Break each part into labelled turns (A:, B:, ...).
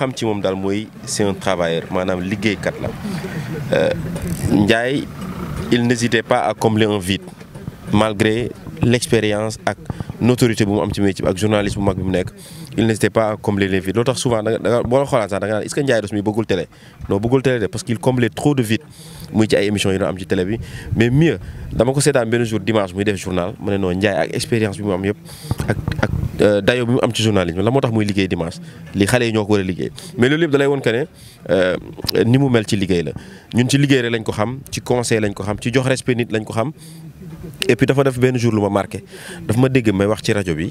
A: xam ci moom daal mooy c'est un travailleur maanaam kat la euh, Ndiaye il n'hésitait pas à combler un vide malgré l'expérience ak notoriété bu mu am ci métier bi ak journaliste bu mag bi mu nekk il n'hésitait pas à combler les vides loo tax souvent da nga boo la xoolaat sax da nga naan bëggul télé non bëggul télé de parce qu'il comblait trop de vides muy ci ay émissions yi doon am ci télé bi mais mieux dama ko seetaan benn jour dimanche muy def journal mu ne non Ndiaye ak Euh, dayo bi mu am ci journalisme la moo tax muy liggéey dimanche li xale yi ñoo ko war a liggéey mais loolu dalay woon que ne euh, ni mu mel ci liggéey la ñun ci liggéey rek lañ ko xam ci conseil lañ ko xam ci jox respect nit lañ ko xam et dafa def benn jour lu ma marqué daf ma dégg may wax ci rajo bi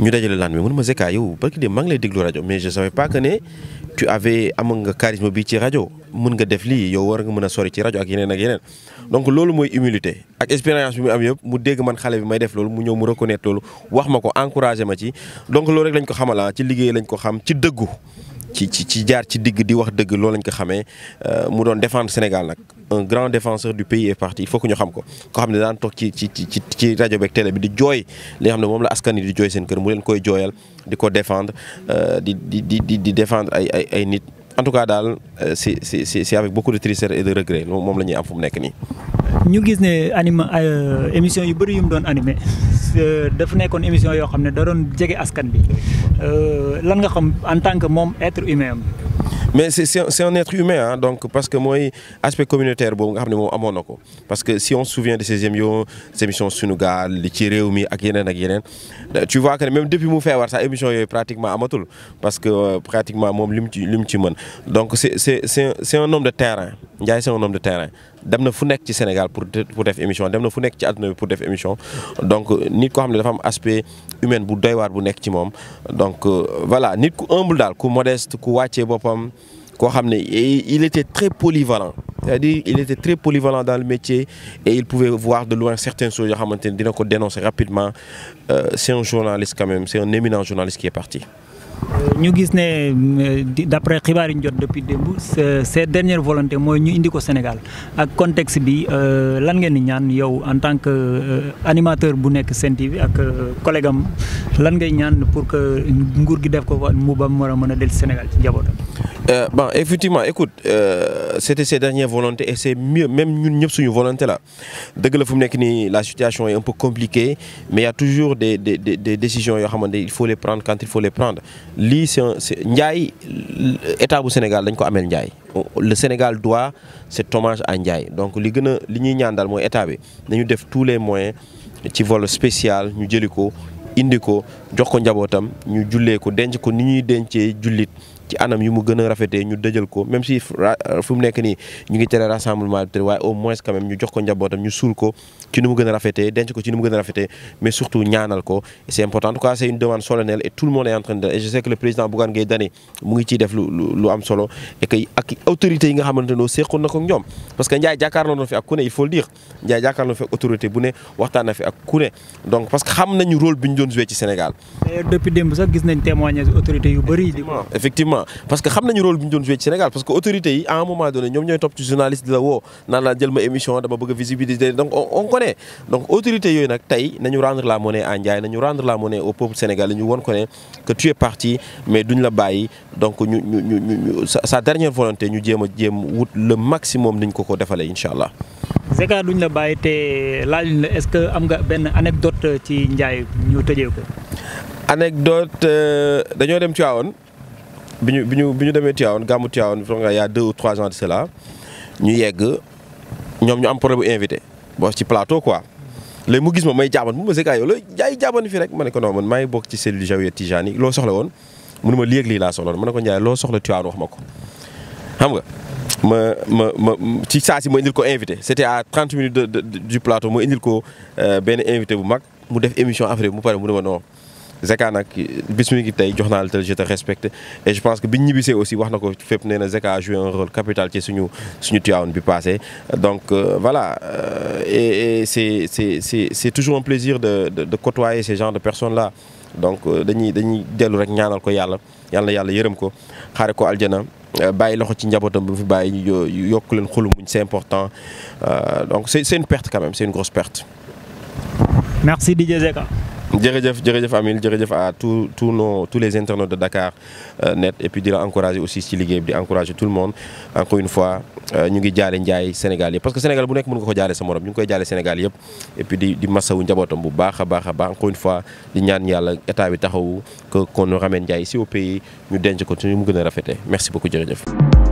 A: ñu dajale laan bi mun ma Zeka yow barki de maa ngi lay déglu rajo mais je savais pas que ne tu avais amoon nga charisme bi ci rajo mën nga def lii yow war nga mën a sori ci rajo ak yeneen ak yeneen donc loolu mooy humilité ak expérience bi mu am yëpp mu dégg man xale bi may def loolu mu ñëw mu reconnaître loolu wax ma ko encouragé ma ci donc loolu rek lañ ko xamala ah, ci liggéey lañ ko xam ci dëggu ci ci ci jaar ci digg di wax dëgg loolu lañ ko xamee euh, mu doon défendre Sénégal nag un grand défenseur du pays et parti il faut que ñu xam ko ko xam ne daan toog ci ci ci ci rajo beeg télé bi di jooy li nga xam ne moom la askan yi di jooy seen kër mu leen koy jooyal di ko défendre euh, di di di di défendre ay ay ay nit en tout cas daal euh, c'est c'est c'est avec beaucoup de tristesse et de regret moom la ñuy am fu mu nekk nii.
B: ñu gis ne anima euh, émission yu bëri yu mu doon animé euh, dafa nekkoon émission yoo xam ne da doon jege askan bi euh, lan nga xam en tant que moom être humain
A: mais c'est c'est un être humain ah donc parce que mooy aspect communautaire boobu nga xam ne moom amoon na ko parce que si on se souvient de ces émissions émission Sunugal li réew mi ak yeneen ak yeneen tu vois que même depuis mu feebar sax émission yooyu pratiquement matul parce que pratiquement moom li mu ci li mu mën donc c'est c'est c'est un homme de terrain Ndiaye c'est un homme terrain dem na fu nekk ci Sénégal pour pour def émission dem na fu nekk ci àdduna bi pour def émission donc euh, nit koo xam ne dafa am aspect humain bu doy waar bu nekk ci moom donc euh, voilà nit ku humble daal ku modeste ku wàccee boppam koo xam ne il était très polyvalent c'est-à-dire il était très polyvalent dans le métier et il pouvait voir de loin certaines choses yoo xamante ne dina ko dénoncer rapidement euh, c'est un journaliste quand même c'est un éminent journaliste qui est parti
B: ñu gis ne euh, d' après xibaar yi ñu jot depuis démb ces dernières volontés mooy ñu indi ko Sénégal ak contexte bi euh, lan ngeen di ñaan yow en tant que euh, animateur bu nekk Sen TV ak collègue lan ngay ñaan pour que nguur gi def ko mu ba mu war a mën a dellu Sénégal
A: ci njabootam. Euh, bon effectivement écoute euh, c'était ses dernières volontés et c'est mieux même ñun ñëpp suñu volonté la dëgg la fu mu nekk nii la situation est un peu compliquée mais il toujours des décisions yoo xamante il faut les prendre quand il faut les prendre lii c'est Ndiaye état bu Sénégal dañ ko ameel Ndiaye le Sénégal doit cet hommage à Ndiaye donc li gën a li ñuy ñaan mooy état bi dañu def tous les moyens ci vol spécial ñu jëli ko indi ko jox ko njabootam ñu jullee ko denc ko ni ñuy dencee jullit. ci anam yu mu gën a ñu dëjal ko même si fu mu nekk nii ñu ngi tere rassemblement au moins quand ñu jox ko njabootam ñu suul ko ci nu mu gën a denc ko ci nu mu gën a mais surtout ñaanal ko c'est important na ko ak parce que Ndiaye jàkkaarloo na fi ak ku il faut dire Ndiaye jàkkaarloo na fi ak autorité donc parce que xam nañu rôle bi ñu doon joué ci Sénégal.
B: depuis démb sax gis nañ témoignage autorité yu bëri.
A: effectivement important parce que xam nañu rôle bi ñu doon joué ci Sénégal parce que autorités yi à un moment donné ñoom ñooy topp ci journaliste la woo naan la jël ma émission dama bëgg a visibilité donc on connaît donc autorités yooyu nag tey nañu rendre la monnaie à Ndiaye nañu rendre la monnaie au peuple sénégalais ñu won ko ne que tu es parti mais duñ la bàyyi donc ñu ñu ñu ñu sa dernière volonté ñu jéem a jéem wut le maximum niñ ko ko defalee incha allah.
B: Zeka duñ la bàyyi te laaj la est-ce que am nga benn anecdote ci Ndiaye ñu tëjee ko.
A: anecdote euh, dañoo dem Tivaouane bi ñu bi ñu bi ñu demee Tivaouane gàmmu Tivaouane foog nga y a deux ou trois ans de cela ñu yegg ñoom ñu am problème bu invité boo ci plateau quoi léegi mu gis ma may jaaban mu ma se gaa yow la jaay jaaban ma ne ko non maa ngi bokk ci cellule Zawiya Tijaan yi loo soxla woon mu ne ma lii ak lii laa soxla woon ma ne ko Ndiaye loo soxla Tivaouane wax ma ko xam nga ma ma ma ci saa si ma indil ko invité c'était à 30 minutes du plateau ma indil ko euh, benn invité bu mag mu def émission affaire bi mu pare mu ne ma non Zeka nag bis mi ngi tey jox naa la te respecte et je pense que biñ ñibbisee aussi wax na ko fépp nee Zeka a joué un rôle capital ci suñu suñu bi passé donc euh, voilà euh, et c'est c'est c'est c'est toujours un plaisir de de de côtoyer ces genres de personnes là donc euh, dañuy dañuy dellu rek ñaanal ko yàlla yàlla na yàlla yërëm ko xaare ko aljana bàyyi loxo ci njabootam bu fi bàyyi yokk leen xolu muñ c'est important donc c'est c'est une perte quand même c'est une grosse perte. merci DJ Zeka. jërëjëf jërëjëf Amil jërëjëf à tous tous nos les internautes de Dakar euh, net et puis di la encourager aussi ci liggéey bi di encourager tout le monde encore une fois euh, ñu ngi jaale njaay Sénégal yëpp parce que Sénégal bu nekk mën nga ko jaale sa morom ñu ngi koy jaale Sénégal yëpp et puis di di masawu njabootam bu baax a baax a baax encore une fois di ñaan yàlla état bi taxawu que qu'on nous ramène njaay ici au pays ñu denc ko ci mu gën a rafetee merci beaucoup jërëjëf.